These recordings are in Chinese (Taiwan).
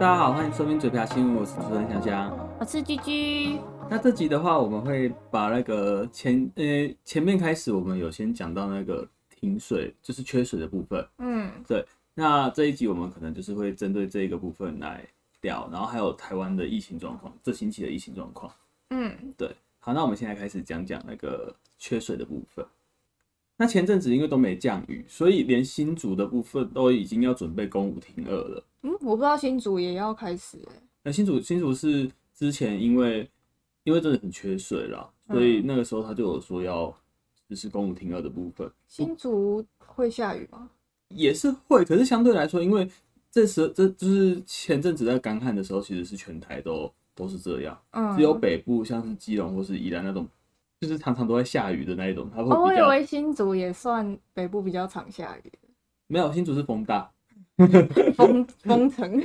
大家好，歡迎收聽嘴瓢新聞，我是主持人香香，我是居居。那這集的話，我們會把那個前呃、欸、前面開始，我們有先講到那個停水，就是缺水的部分。嗯，對。那這一集我們可能就是會針對這一個部分來聊，然後還有台灣的疫情狀況，這星期的疫情狀況。嗯，對。好，那我們現在開始講講那個缺水的部分。那前陣子因為都沒降雨，所以連新竹的部分都已經要準備供五停二了。嗯，我不知道新竹也要開始哎、欸。那新竹，新竹是之前因為因為真的很缺水了，嗯，所以那個時候他就有說要就是供五停二的部分。新竹會下雨嗎？也是會，可是相對來說，因為這時這就是前陣子在乾旱的時候，其實是全台都都是這樣，嗯，只有北部像是基隆或是宜蘭那種，就是常常都在下雨的那一種，它會、哦、我以為新竹也算北部比較常下雨。沒有，新竹是風大。封封城，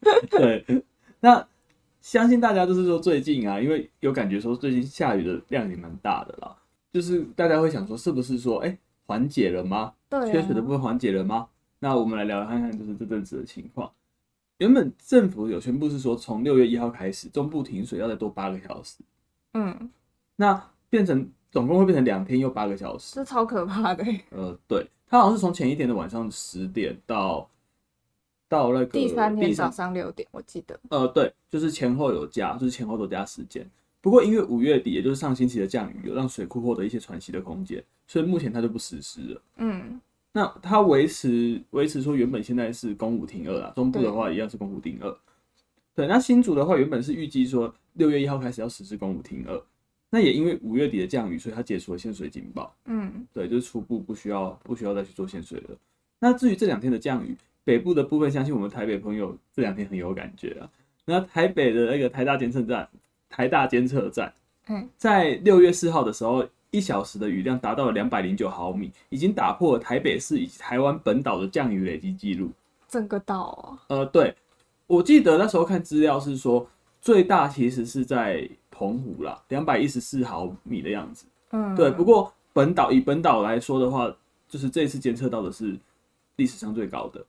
風 對，那相信大家就是說最近啊，因為有感覺說最近下雨的量也蠻大的啦，就是大家會想說是不是說哎緩、欸、解了嗎？對、啊，缺水的部分緩解了嗎？那我們來聊聊看看，就是這陣子的情況。原本政府有宣布是說從六月一號開始中部停水要再多八個小時，嗯，那變成總共會變成兩天又八個小時，這超可怕的。呃，對，它好像是從前一天的晚上十點到。到那個第三天早上六點，我記得。呃，對，就是前後有加，就是前後都有加時間。不過因為五月底，也就是上星期的降雨，有讓水庫獲得一些喘息的空間，所以目前它就不實施了。嗯，那它維持維持說原本現在是供五停二啊，中部的話一樣是供五停二。對，對，那新竹的話原本是預計說六月一號開始要實施供五停二，那也因為五月底的降雨，所以它解除了限水警報。嗯，對，就是初步不需要不需要再去做限水了。那至於這兩天的降雨。北部的部分，相信我們台北朋友這兩天很有感覺啊。那台北的那個台大監測站，台大監測站，嗯，在六月四號的時候，一小時的雨量達到了兩百零九毫米，已經打破了台北市以及台灣本島的降雨累積記錄。整個島哦？呃，對，我記得那時候看資料是說，最大其實是在澎湖啦，兩百一十四毫米的樣子。嗯，對。不過本島以本島來說的話，就是這次監測到的是歷史上最高的。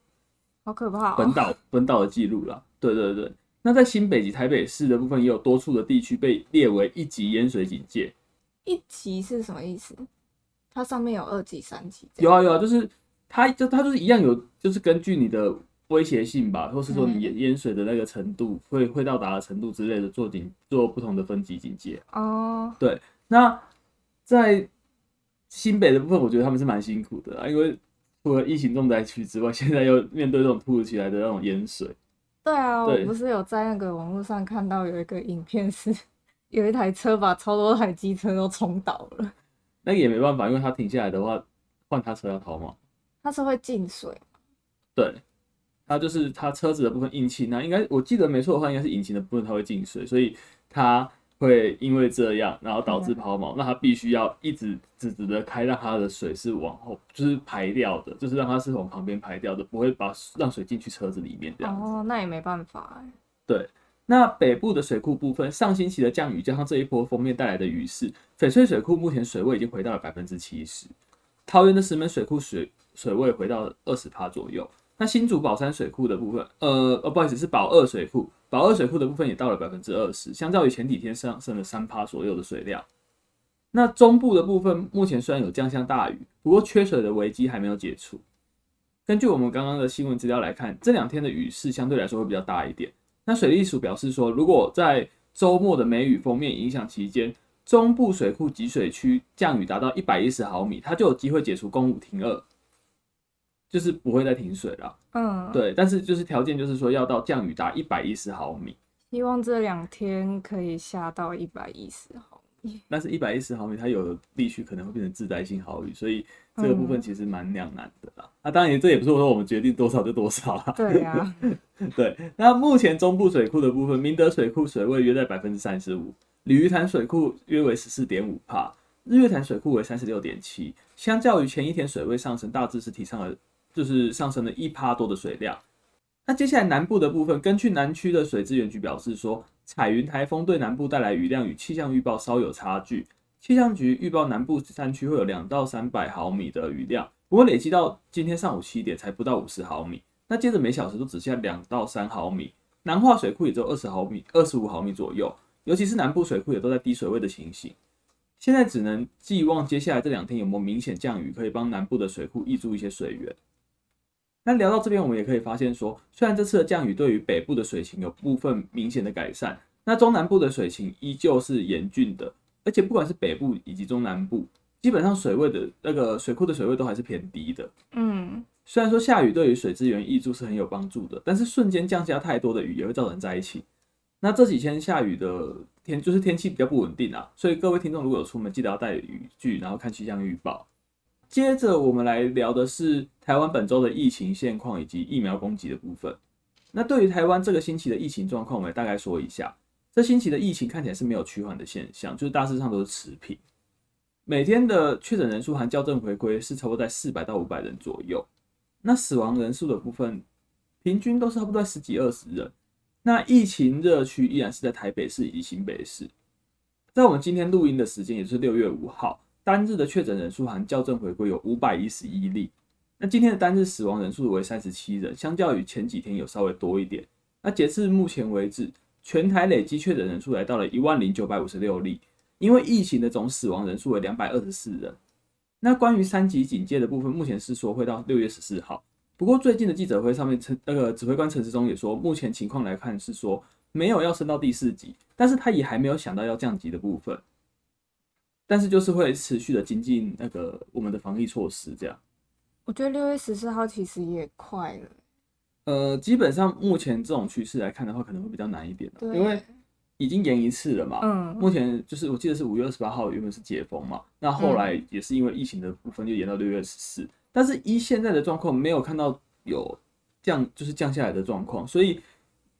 好、哦、可怕、哦！本島本島的記錄了，對對對。那在新北及台北市的部分，也有多處的地區被列為一級淹水警戒。嗯。一級是什麼意思？它上面有二級、三級。有啊有啊，就是它就它就是一樣有，就是根據你的威脅性吧，或是說你淹淹水的那個程度，嗯。會會到達的程度之類的，做警做不同的分級警戒。哦，對。那在新北的部分，我覺得他們是蠻辛苦的啊，因為。除了疫情重災區之外，現在又面對這種突如其來的那種淹水。對啊，對，我不是有在那個網絡上看到有一個影片，是有一台車把超多台機車都沖倒了。那個也沒辦法，因為他停下來的話，換他車要逃嘛。他是會進水。對，他就是他車子的部分引擎。那應該我記得沒錯的話，應該是引擎的部分他會進水，所以他。會因為這樣，然後導致拋錨，那它必須要一直直直的開，讓它的水是往後，就是排掉的，就是讓它是從旁邊排掉的，不會把讓水進去車子裡面。這樣哦，那也沒辦法。對，那北部的水庫部分，上星期的降雨加上這一波鋒面帶來的雨勢，翡翠水庫目前水位已經回到了百分之七十，桃園的石門水庫水水位回到二十趴左右。那新竹寶山水庫的部分，呃，哦，不好意思，是寶二水庫。寶二水庫的部分也到了百分之二十，相較於前幾天上升了三趴左右的水量。那中部的部分目前雖然有降下大雨，不過缺水的危機還沒有解除。根據我們剛剛的新聞資料來看，這兩天的雨勢相對來說會比較大一點。那水利署表示說，如果在周末的梅雨鋒面影響期間，中部水庫集水區降雨達到一百一十毫米，它就有機會解除供五停二。就是不會再停水了，嗯，對，但是就是條件就是說要到降雨達一百一十毫米，希望這兩天可以下到一百一十毫米。但是一百一十毫米，它有的地區可能會變成致災性豪雨，所以這個部分其實蠻兩難的啦。那、嗯啊、當然，這也不是我說我們決定多少就多少啦。對啊， 對。那目前中部水庫的部分，明德水庫水位約在百分之三十五，鯉魚潭水庫約為十四點五趴，日月潭水庫為三十六點七，相較於前一天水位上升，大致是提升了。就是上升了一趴多的水量。那接下來南部的部分，根據南區的水資源局表示說，彩雲台風對南部帶來雨量與氣象預報稍有差距。氣象局預報南部山區會有兩到三百毫米的雨量，不過累積到今天上午七點才不到五十毫米。那接着每小時都只下兩到三毫米。南化水庫也只有二十毫米、二十五毫米左右，尤其是南部水庫也都在低水位的情形。現在只能寄望接下來這兩天有沒有明顯降雨，可以幫南部的水庫挹注一些水源。那聊到這邊，我們也可以發現說，雖然這次的降雨對於北部的水情有部分明顯的改善，那中南部的水情依舊是嚴峻的，而且不管是北部以及中南部，基本上水位的那個水庫的水位都還是偏低的。嗯，雖然說下雨對於水資源挹注是很有幫助的，但是瞬間降下太多的雨也會造成災情，那這幾天下雨的天就是天氣比較不穩定啊，所以各位聽眾如果有出門，記得要帶雨具，然後看氣象預報。接着我們來聊的是台灣本周的疫情現況以及疫苗供給的部分。那對於台灣這個星期的疫情狀況，我們大概說一下。這星期的疫情看起來是沒有趨緩的現象，就是大致上都是持平。每天的確診人數含校正回歸是差不多在四百到五百人左右。那死亡人數的部分，平均都是差不多在十幾二十人。那疫情熱區依然是在台北市以及新北市。在我們今天錄音的時間，也是六月五號。單日的確診人數含校正回歸有五百一十一例，那今天的單日死亡人數為三十七人，相較於前幾天有稍微多一點。那截至目前為止，全台累積確診人數來到了一萬零九百五十六例，因為疫情的總死亡人數為兩百二十四人。那關於三級警戒的部分，目前是說會到六月十四號。不過最近的記者會上面，陳那個指揮官陳時中也說，目前情況來看是說沒有要升到第四級，但是他也還沒有想到要降級的部分。但是就是會持續的精進那個我們的防疫措施，這樣。我覺得六月十四號其實也快了。呃，基本上目前這種趨勢來看的話，可能會比較難一點，因為已經延一次了嘛。嗯。目前就是我記得是五月二十八號原本是解封嘛、嗯，那後來也是因為疫情的部分就延到六月十四、嗯。但是，以現在的狀況沒有看到有降，就是降下來的狀況，所以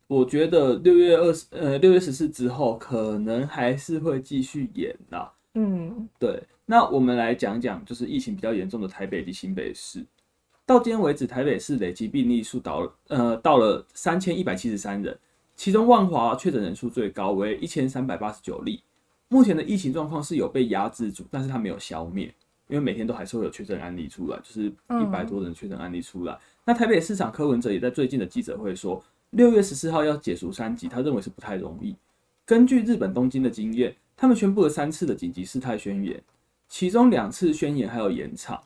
我覺得六月二十呃六月十四之後可能還是會繼續延的、啊。嗯，對。那我們來講講，就是疫情比較嚴重的台北及新北市。到今天為止，台北市累計病例數到呃到了三千一百七十三人，其中萬華確診人數最高為一千三百八十九例。目前的疫情狀況是有被壓制住，但是它沒有消滅，因為每天都還是會有確診案例出來，就是一百多人確診案例出來。嗯、那台北市長柯文哲也在最近的記者會說，六月十四號要解除三級，他認為是不太容易。根據日本東京的經驗。他們宣布了三次的緊急事態宣言，其中兩次宣言還有延長。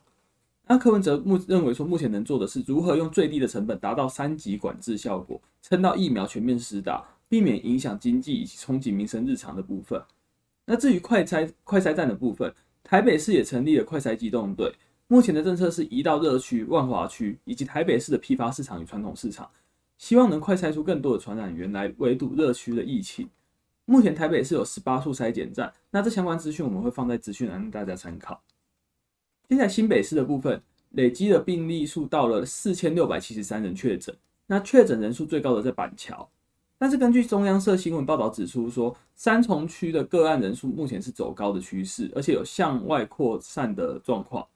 那柯文哲目認為說，目前能做的是如何用最低的成本達到三級管制效果，撐到疫苗全面施打，避免影響經濟以及衝擊民生日常的部分。那至於快篩快篩站的部分，台北市也成立了快篩機動隊，目前的政策是移到熱區萬華區以及台北市的批發市場與傳統市場，希望能快篩出更多的傳染源來圍堵熱區的疫情。目前台北市有十八處篩檢站，那這相關資訊我們會放在資訊欄讓大家參考。接下來新北市的部分，累積的病例數到了四千六百七十三人確診，那確診人數最高的在板橋，但是根據中央社新聞報道指出說，說三重區的個案人數目前是走高的趨勢，而且有向外擴散的狀況。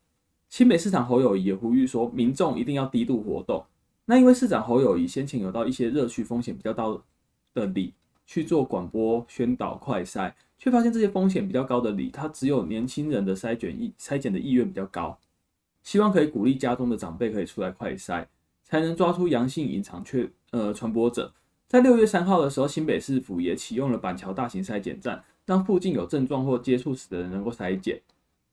新北市長侯友宜也呼籲說，民眾一定要低度活動。那因為市長侯友宜先前有到一些熱區風險比較大的里。去做廣播宣導快篩，卻發現這些風險比較高的里他只有年輕人的篩檢意篩檢的意願比較高，希望可以鼓勵家中的長輩可以出來快篩，才能抓出陽性隱藏卻呃傳播者。在六月三號的時候，新北市府也啟用了板橋大型篩檢站，讓附近有症狀或接觸史的人能夠篩檢。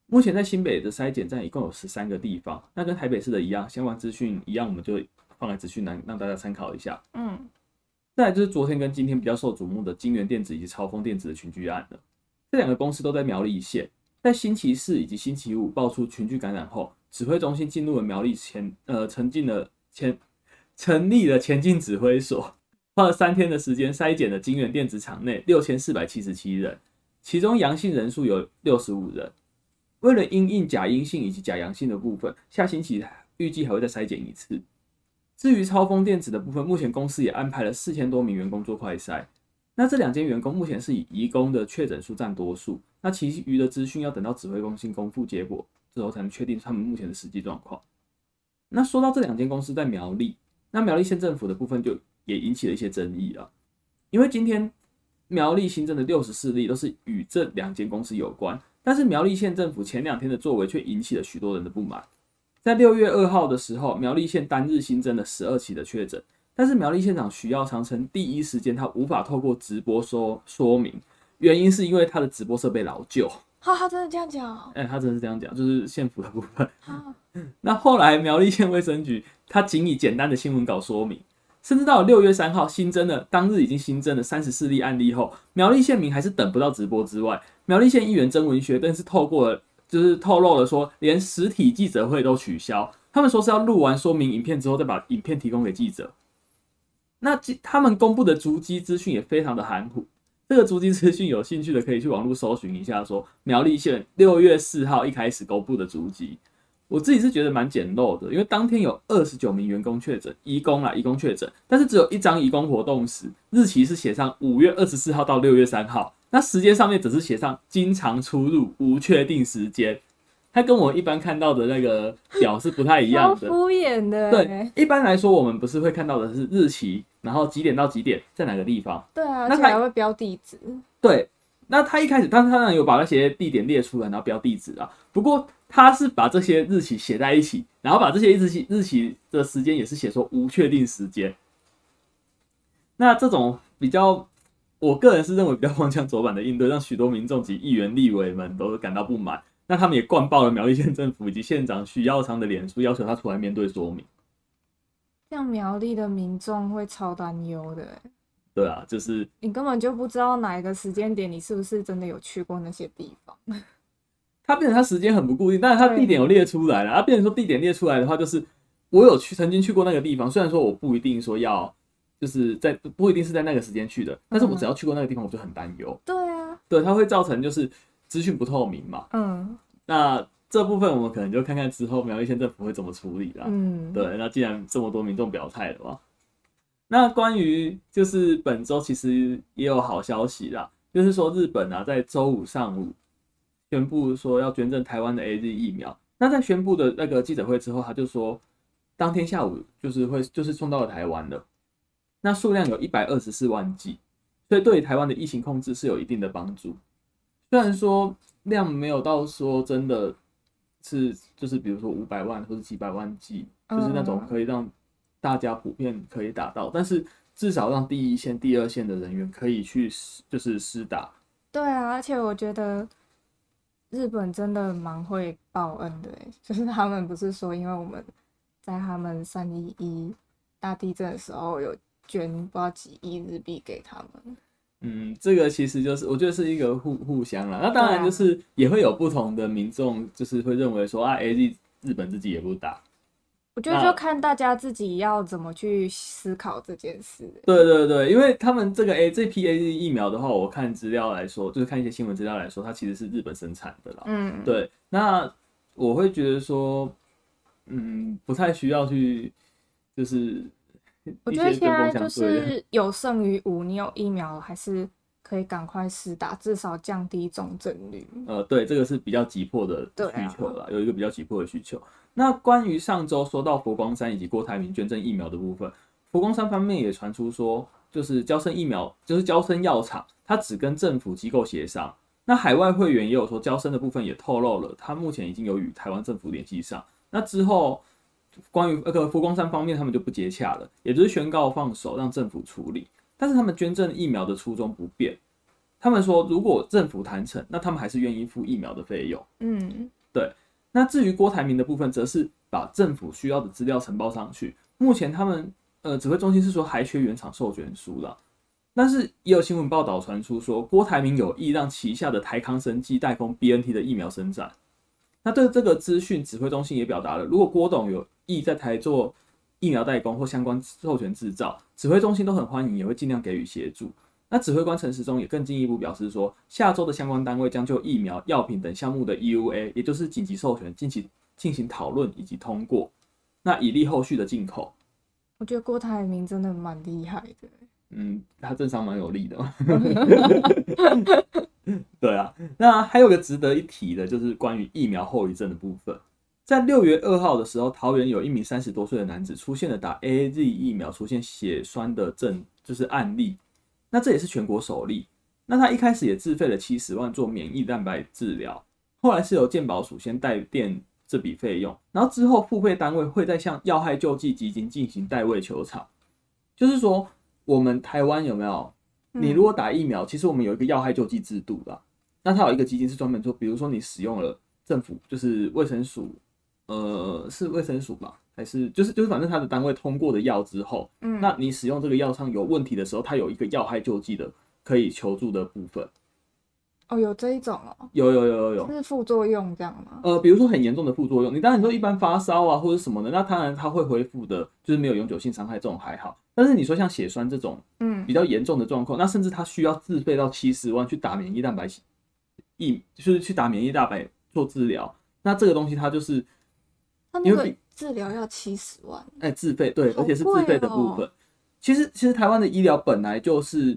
目前在新北的篩檢站一共有十三個地方，那跟台北市的一樣，相關資訊一樣，我們就放在資訊欄讓大家參考一下。嗯。再來就是昨天跟今天比較受矚目的京元電子以及超豐電子的群聚案了。這兩個公司都在苗栗縣，在星期四以及星期五爆出群聚感染後，指揮中心進入了苗栗前呃，成立了前成立了前進指揮所，花了三天的時間篩檢了京元電子廠內六千四百七十七人，其中陽性人數有六十五人。為了因應假陰性以及假陽性的部分，下星期預計還會再篩檢一次。至於超豐電子的部分，目前公司也安排了四千多名員工做快篩。那這兩間員工目前是以移工的確診數占多數，那其餘的資訊要等到指揮中心公布結果之後，才能確定他們目前的實際狀況。那說到這兩間公司在苗栗，那苗栗縣政府的部分就也引起了一些爭議了，因為今天苗栗新增的六十四例都是與這兩間公司有關，但是苗栗縣政府前兩天的作為卻引起了許多人的不滿。在六月二號的時候，苗栗縣單日新增了十二起的確診，但是苗栗縣長徐耀昌稱，第一時間他無法透過直播說說明，原因是因為他的直播設備老舊。他真的這樣講？哎、欸，他真的是這樣講，就是縣府的部分。 那後來苗栗縣衛生局他僅以簡單的新聞稿說明，甚至到六月三號新增了當日已經新增了三十四例案例後，苗栗縣民還是等不到直播之外，苗栗縣議員曾文學更是透過了。就是透露了說，連實體記者會都取消。他們說是要錄完說明影片之後，再把影片提供給記者。那他們公布的足跡資訊也非常的含糊。這個足跡資訊有興趣的可以去網絡搜尋一下說。說苗栗縣六月四號一開始公布的足跡，我自己是覺得蠻簡陋的，因為當天有二十九名員工確診，移工啦，移工確診，但是只有一張移工活動史，日期是寫上五月二十四號到六月三號。那時間上面只是寫上經常出入，無確定時間，它跟我一般看到的那個表是不太一樣的。 敷衍的、欸。對，一般來說我們不是會看到的是日期，然後幾點到幾點，在哪個地方。對啊，那它還會標地址。對，那他一開始，但是他有把那些地點列出來，然後標地址啊。不過他是把這些日期寫在一起，然後把這些日期日期的時間也是寫說無確定時間。那這種比較。我個人是認為，不要妄將左板的應對讓許多民眾及議員、立委們都感到不滿。那他們也灌爆了苗栗縣政府以及縣長徐耀昌的臉書，要求他出來面對說明。像苗栗的民眾會超擔憂的、欸。對啊，就是你根本就不知道哪一個時間點，你是不是真的有去過那些地方。 他變成他時間很不固定，但是他地點有列出來了、啊。他、啊、變成說地點列出來的話，就是我有去曾經去過那個地方，雖然說我不一定說要。就是在不不一定是在那個時間去的，但是我只要去過那個地方，我就很擔憂。嗯，對啊，對它會造成就是資訊不透明嘛。嗯，那這部分我們可能就看看之後苗栗縣政府會怎麼處理啦。嗯，對，那既然這麼多民眾表態了嘛，那關於就是本週其實也有好消息啦，就是說日本啊在週五上午宣布說要捐贈台灣的 AZ 疫苗，那在宣布的那個記者會之後，他就說當天下午就是會就是送到了台灣的。那數量有一百二十四萬劑，所以對於台灣的疫情控制是有一定的幫助。雖然說量沒有到說真的，是就是比如說五百萬或者幾百萬劑，嗯，就是那種可以讓大家普遍可以打到，但是至少讓第一線、第二線的人員可以去就是施打。對啊，而且我覺得日本真的蠻會報恩的，欸，就是他們不是說，因為我們在他們三一一大地震的時候有。捐八幾億日幣給他們，嗯，這個其實就是我覺得是一個互互相啦。那當然就是也會有不同的民眾，就是會認為說啊，啊，A Z 日本自己也不打。我覺得就看大家自己要怎麼去思考這件事、欸。對對對，因為他們這個 A、欸、這批 A Z 疫苗的話，我看資料來說，就是看一些新聞資料來說，它其實是日本生產的啦。嗯，對。那我會覺得說，嗯，不太需要去就是。我覺得現在就是有勝於無，你有疫苗還是可以趕快施打，至少降低重症率。呃，對，這個是比較急迫的需求了、啊，有一個比較急迫的需求。那關於上周說到佛光山以及郭台銘捐贈疫苗的部分、嗯，佛光山方面也傳出說，就是嬌生疫苗，就是嬌生藥廠，它只跟政府機構協商。那海外會員也有說，嬌生的部分也透露了，它目前已經有與台灣政府聯繫上。那之後。關於那個、呃、佛光山方面，他們就不接洽了，也就是宣告放手，讓政府處理。但是他們捐贈疫苗的初衷不變，他們說如果政府談成，那他們還是願意付疫苗的費用。嗯，對。那至於郭台銘的部分，則是把政府需要的資料呈報上去。目前他們呃指揮中心是說還缺原廠授權書了，但是也有新聞報道傳出說郭台銘有意讓旗下的台康生技代工 B N T 的疫苗生產。那對這個資訊，指揮中心也表達了，如果郭董有意在台做疫苗代工或相關授權製造，指揮中心都很歡迎，也會盡量給予協助。那指揮官陳時中也更進一步表示說，下周的相關單位將就疫苗、藥品等項目的 EUA，也就是緊急授權，進行進行討論以及通過，那以利後續的進口。我覺得郭台銘真的蠻厲害的。嗯，他政商蠻有力的。 對啊，那還有個值得一提的，就是關於疫苗後遺症的部分。在六月二號的時候，桃園有一名三十多歲的男子出現了打 A Z 疫苗出現血栓的症，就是案例。那這也是全國首例。那他一開始也自費了七十萬做免疫蛋白治療，後來是由健保署先代墊這筆費用，然後之後付費單位會再向藥害救濟基金進行代位求償。就是說，我們台灣有沒有？你如果打疫苗，其實我們有一個藥害救濟制度吧，那它有一個基金是專門做，比如說你使用了政府就是衛生署，呃，是衛生署吧，還是就是就是反正它的單位通過的藥之後，嗯，那你使用這個藥上有問題的時候，它有一個藥害救濟的可以求助的部分。哦、oh,，有這一種哦，有有有有有，是副作用這樣嗎？呃，比如說很嚴重的副作用，你當然你說一般發燒啊或者什麼的，那當然它會恢復的，就是沒有永久性傷害，這種還好。但是你說像血栓這種，嗯，比較嚴重的狀況，那甚至他需要自費到七十萬去打免疫蛋白，一就是去打免疫蛋白做治療，那這個東西它就是，因為比那那治療要七十萬，哎、欸，自費對、哦，而且是自費的部分。其實其實台灣的醫療本來就是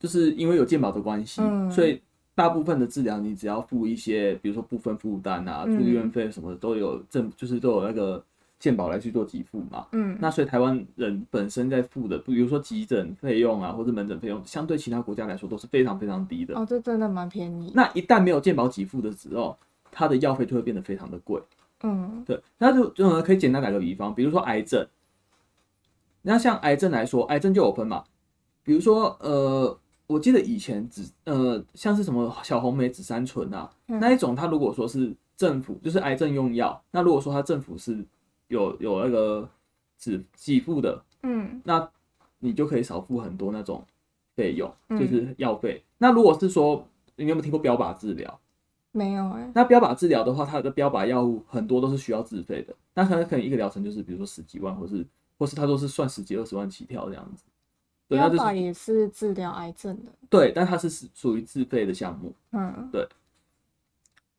就是因為有健保的關係、嗯，所以。大部分的治療，你只要付一些，比如說部分負擔啊，住院費什麼的、嗯、都有，政就是都有那個健保來去做給付嘛。嗯。那所以台灣人本身在付的，比如說急診費用啊，或者門診費用，相對其他國家來說都是非常非常低的。嗯、哦，這真的蠻便宜。那一旦沒有健保給付的時候，它的藥費就會變得非常的貴。嗯。對，那就就可以簡單打個比方，比如說癌症，那像癌症來說，癌症就有分嘛，比如說呃。我記得以前只呃，像是什麼小紅莓紫杉醇啊、嗯，那一種它如果說是政府就是癌症用藥，那如果說它政府是有有那個只給付的，嗯，那你就可以少付很多那種費用，就是藥費、嗯。那如果是說你有沒有聽過標靶治療？沒有哎、欸。那標靶治療的話，它的標靶藥物很多都是需要自費的，那可能可能一個療程就是比如說十幾萬，或是或是它都是算十幾二十萬起跳這樣子。主要也是治療癌症的，對，但它是屬於自費的項目，嗯，對，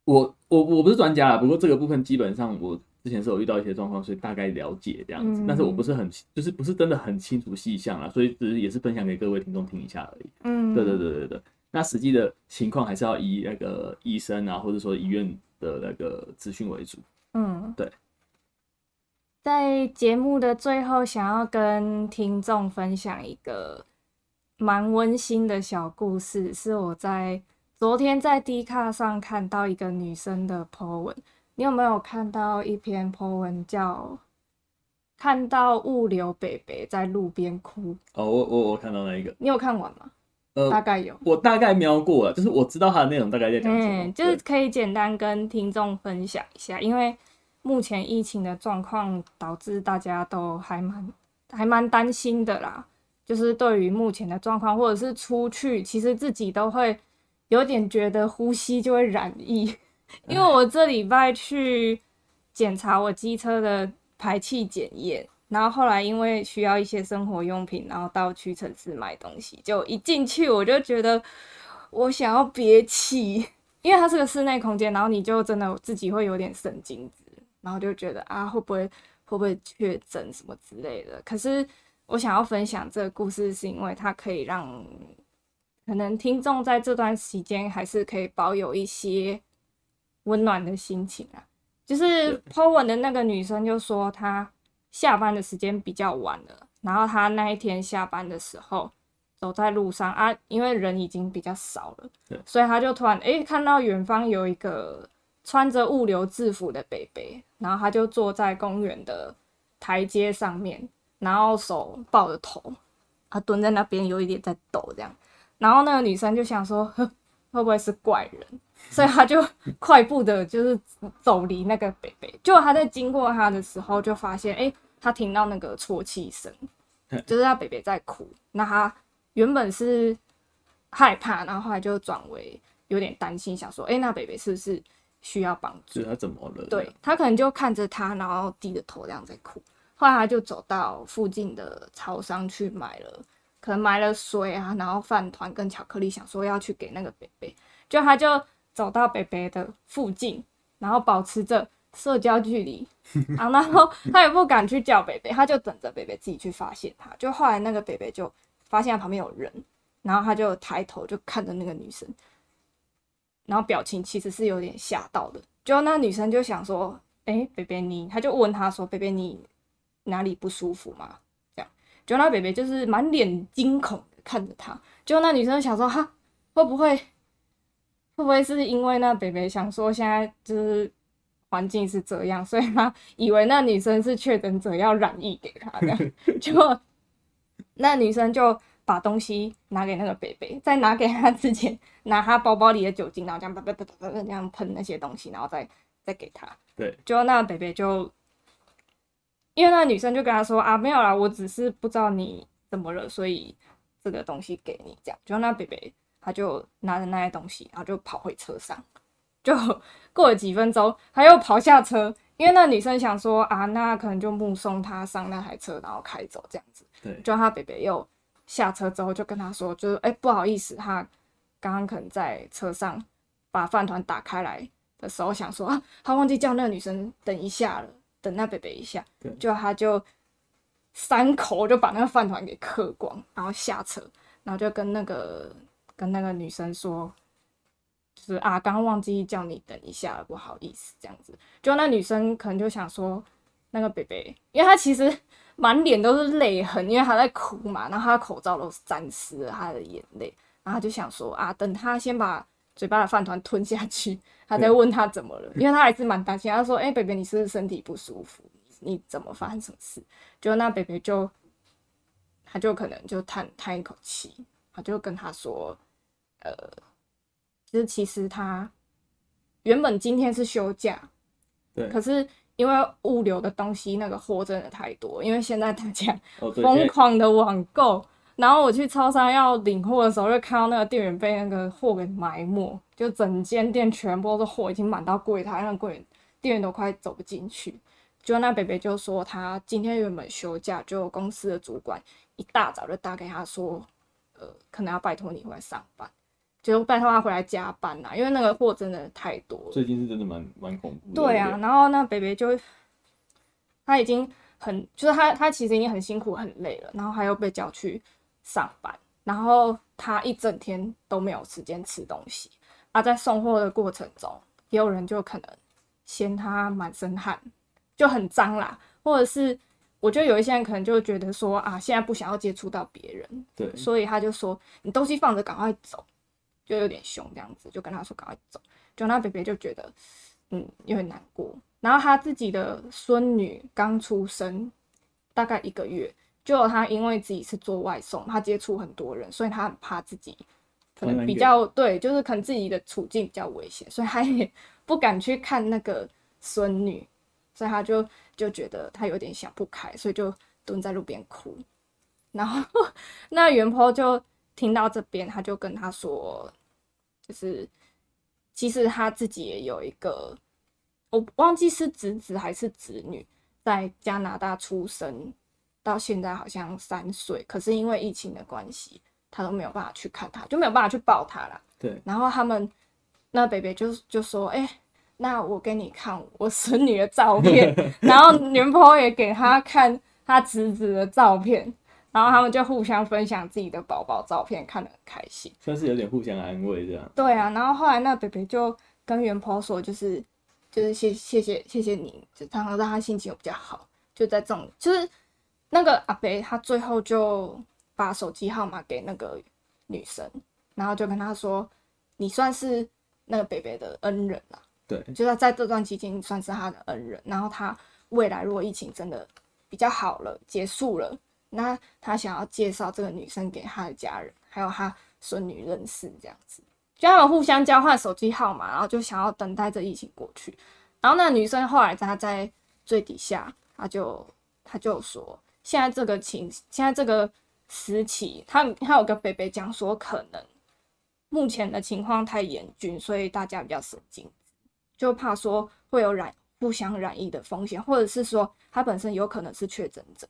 我我我不是專家啦，不過這個部分基本上我之前是有遇到一些狀況，所以大概了解這樣子，嗯、但是我不是很就是不是真的很清楚細項啦，所以只是也是分享給各位聽眾聽一下而已，嗯，對對對對對，那實際的情況還是要以那個醫生啊或者說醫院的那個資訊為主，嗯，對。在節目的最後，想要跟聽眾分享一個蠻溫馨的小故事，是我在昨天在 Dcard 上看到一個女生的 po 文。你有沒有看到一篇 po 文叫“看到物流北北在路邊哭”？哦、oh,，我我我看到那一個，你有看完嗎？Uh, 大概有，我大概瞄過了，就是我知道它的內容大概在講什、嗯、就是可以簡單跟聽眾分享一下，因為。目前疫情的狀況導致大家都還蠻還蠻擔心的啦，就是對於目前的狀況，或者是出去，其實自己都會有點覺得呼吸就會染疫。嗯、因為我這禮拜去檢查我機車的排氣檢驗，然後後來因為需要一些生活用品，然後到屈臣氏買東西，就一進去我就覺得我想要憋氣，因為它是個室內空間，然後你就真的自己會有點神經質。然後就覺得啊，會不會會不會確診什麼之類的？可是我想要分享這個故事，是因為它可以讓可能聽眾在這段時間還是可以保有一些溫暖的心情啊。就是 PO 文的那個女生就說，她下班的時間比較晚了，然後她那一天下班的時候走在路上啊，因為人已經比較少了，所以她就突然哎、欸，看到遠方有一個。穿着物流制服的北北，然後他就坐在公園的台階上面，然後手抱着頭，他蹲在那邊，有一點在抖，這樣。然後那個女生就想說，哼，會不會是怪人？所以她就快步的，就是走離那個北北。就 他她在經過他的時候，就發現，哎，她聽到那個啜泣聲，就是她北北在哭。 那她原本是害怕，然後後來就轉為有點擔心，想說，哎，那北北是不是？需要幫助，對，他怎麼了？對，他可能就看着他，然後低着頭這樣在哭。後來他就走到附近的超商去買了，可能買了水啊，然後飯糰跟巧克力，想說要去給那個北北。就他就走到北北的附近，然後保持着社交距離， 啊，然後他也不敢去叫北北，他就等着北北自己去發現他。就後來那個北北就發現他旁邊有人，然後他就抬頭就看着那個女生。然後表情其實是有點嚇到的，結果那女生就想說：“哎、欸，北北你，他就問他說：‘北北你哪裡不舒服嗎？’這樣，就那北北就是滿臉驚恐的看着他，就那女生想說：‘哈，會不會會不會是因為那北北想說現在就是環境是這樣，所以她以為那女生是確診者要染疫給他這樣，就那女生就。”把東西拿給那個北北，在拿給他之前，拿他包包裡的酒精，然後這樣叭叭叭叭叭這樣噴那些東西，然後再再給他。對，就那北北就，因為那女生就跟他說啊，沒有啦，我只是不知道你怎麼了，所以這個東西給你，這樣，就那北北他就拿着那些東西，然後就跑回車上。就過了幾分鐘，他又跑下車，因為那女生想說啊，那可能就目送他上那台車，然後開走這樣子。對，就他北北又。下車之後就跟他說，就是誒、欸，不好意思，他剛剛可能在車上把飯糰打開來的時候想說、啊、他忘記叫那個女生等一下了，等那北北一下，對，就他就三口就把那個飯糰給嗑光，然後下車，然後就跟那個跟那個女生說，就是啊，剛剛忘記叫你等一下了，不好意思，這樣子，就那女生可能就想說那個北北，因為她其實。滿臉都是淚痕，因為他在哭嘛，然後他的口罩都沾濕了他的眼淚，然後他就想說啊，等他先把嘴巴的飯糰吞下去，他再問他怎麼了，嗯、因為他還是蠻擔心。他說：“哎、欸，北北，你是不是身體不舒服？你怎麼發生什麼事？”就那北北就，他就可能就嘆嘆一口氣，他就跟他說：“呃，就是其實他原本今天是休假。”可是因為物流的東西，那個貨真的太多，因為現在大家瘋狂的網購，哦，然後我去超商要領貨的時候，就看到那個店員被那個貨給埋沒，就整間店全部都貨已經滿到櫃台，讓、那個、櫃員店員都快走不進去。就那北北就說，他今天原本休假，就公司的主管一大早就打給他說，呃，可能要拜託你回來上班。就拜託他回來加班啦，啊，因為那個貨真的太多了。最近是真的蠻蠻恐怖的。對啊，對然後那貝貝就他已經很，就是他他其實已經很辛苦很累了，然後他又被叫去上班，然後他一整天都沒有時間吃東西啊。在送貨的過程中，也有人就可能嫌他滿身汗就很髒啦，或者是我覺得有一些人可能就覺得說啊，現在不想要接觸到別人，對，所以他就說你東西放着，趕快走。就有點兇這樣子，就跟他說趕快走。就那伯伯就覺得，嗯，有點很難過。然後他自己的孫女剛出生，大概一個月，就他因為自己是做外送，他接觸很多人，所以他很怕自己可能比較對，就是可能自己的處境比較危險，所以他也不敢去看那個孫女，所以他就就覺得他有點想不開，所以就蹲在路邊哭。然後 那元坡就。聽到這邊，他就跟他說，就是其實他自己也有一個，我忘記是姪子還是侄女，在加拿大出生，到現在好像三歲，可是因為疫情的關係，他都沒有辦法去看他，就沒有辦法去抱他了。對。然後他們那 baby 就就說：“哎，那我給你看我孫女的照片。 ”然後女朋友也給他看他姪子的照片。然後他們就互相分享自己的寶寶照片，看得很開心，算是有點互相安慰這樣。對啊，然後後來那北北就跟原 PO 說，就是就是謝謝謝謝謝你，就剛好讓他心情比較好。就在這種，就是那個阿北他最後就把手機號碼給那個女生，然後就跟他說，你算是那個北北的恩人啊。對，就是在這段期間，你算是他的恩人。然後他未來如果疫情真的比較好了，結束了。那他想要介紹這個女生給他的家人，還有他孫女認識，這樣子，就他們互相交換手機號碼，然後就想要等待這疫情過去。然後那女生後來她在，在最底下，她就她就說，現在這個情，現在這個時期，他他有跟伯伯講說，可能目前的情況太嚴峻，所以大家比較神經，就怕說會有染互相染疫的風險，或者是說他本身有可能是確診者。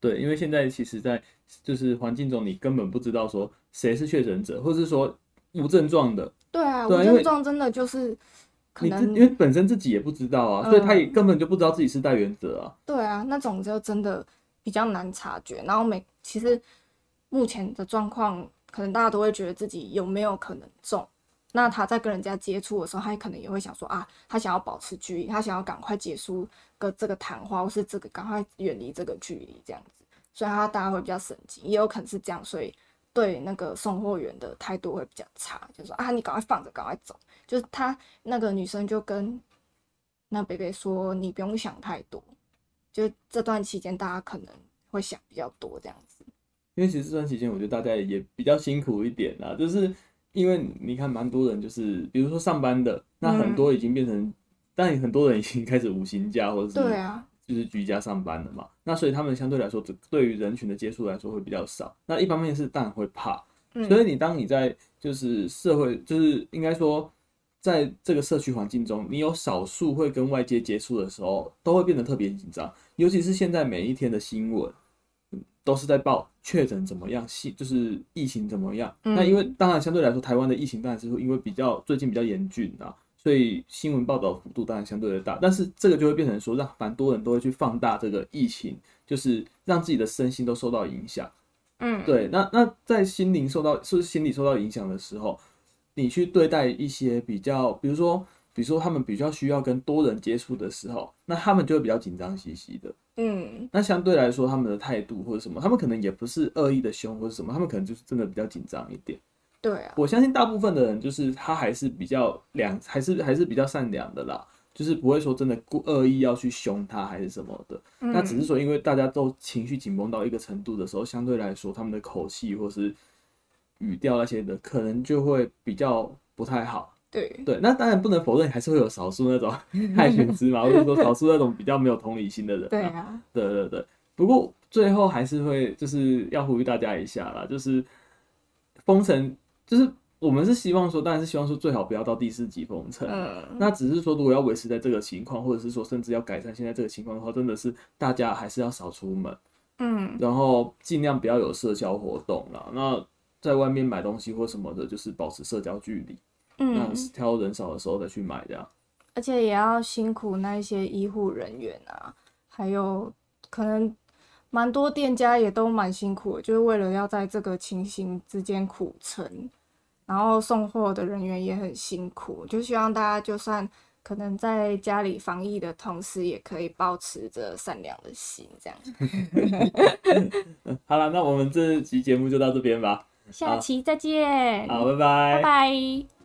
對，因為現在其實，在就是環境中，你根本不知道說誰是確診者，或者說無症狀的。對、啊。對啊，無症狀真的就是可能，因為本身自己也不知道啊、嗯，所以他也根本就不知道自己是帶原者啊。對啊，那種就真的比較難察覺。然後每其實目前的狀況，可能大家都會覺得自己有沒有可能中。那他在跟人家接觸的時候，他可能也會想說啊，他想要保持距離，他想要趕快結束跟這個談話，或是這個趕快遠離這個距離這樣子，所以他大家會比較神經，也有可能是這樣，所以對那個送貨員的態度會比較差，就是、說啊，你趕快放着，趕快走。就是他那個女生就跟那北北說，你不用想太多，就這段期間大家可能會想比較多這樣子。因為其實這段期間我覺得大家也比較辛苦一點啦、啊，就是。因為你看，蠻多人就是，比如說上班的，那很多已經變成，但、嗯、很多人已經開始無薪假或者是就是居家上班了嘛、對啊。那所以他們相對來說，對於人群的接觸來說會比較少。那一方面是當然會怕，所以你當你在就是社會，就是應該說，在這個社區環境中，你有少數會跟外界接觸的時候，都會變得特別緊張。尤其是現在每一天的新聞，都是在報確診怎麼樣，就是疫情怎麼樣、嗯。那因為當然相對來說，台灣的疫情當然是因為比較最近比較嚴峻啊。所以新聞報道幅度當然相對的大。但是這個就會變成說，讓蠻多人都會去放大這個疫情，就是讓自己的身心都受到影響。嗯，對。那那在心靈受到，是，是心理受到影響的時候，你去對待一些比較，比如說，比如說他們比較需要跟多人接觸的時候，那他們就會比較緊張兮兮的。嗯，那相對來說，他們的態度或者什麼，他們可能也不是惡意的凶或者什麼，他們可能就是真的比較緊張一點。對啊，我相信大部分的人就是他還是比較良，還是還是比較善良的啦，就是不會說真的故意要去凶他還是什麼的。嗯，那只是說，因為大家都情緒緊繃到一個程度的時候，相對來說，他們的口氣或是語調那些的，可能就會比較不太好。對，那當然不能否認，還是會有少數那種害群之馬， 或者說少數那種比較沒有同理心的人啊。對啊，對對對。不過最後還是會就是要呼籲大家一下啦。就是封城，就是我們是希望說，當然是希望說最好不要到第四級封城啊。嗯。那只是說，如果要維持在這個情況，或者是說甚至要改善現在這個情況的話，真的是大家還是要少出門。嗯，然後儘量不要有社交活動了啊。那在外面買東西或什麼的，就是保持社交距離。嗯，挑人少的時候再去買這樣，而且也要辛苦那一些醫護人員啊，還有可能蠻多店家也都蠻辛苦的，就是為了要在這個情形之間苦撐。然後送貨的人員也很辛苦，就希望大家就算可能在家裡防疫的同時，也可以保持着善良的心，這樣。嗯， 好了，那我們這期節目就到這邊吧，下期再見，好，拜拜，拜拜。Bye bye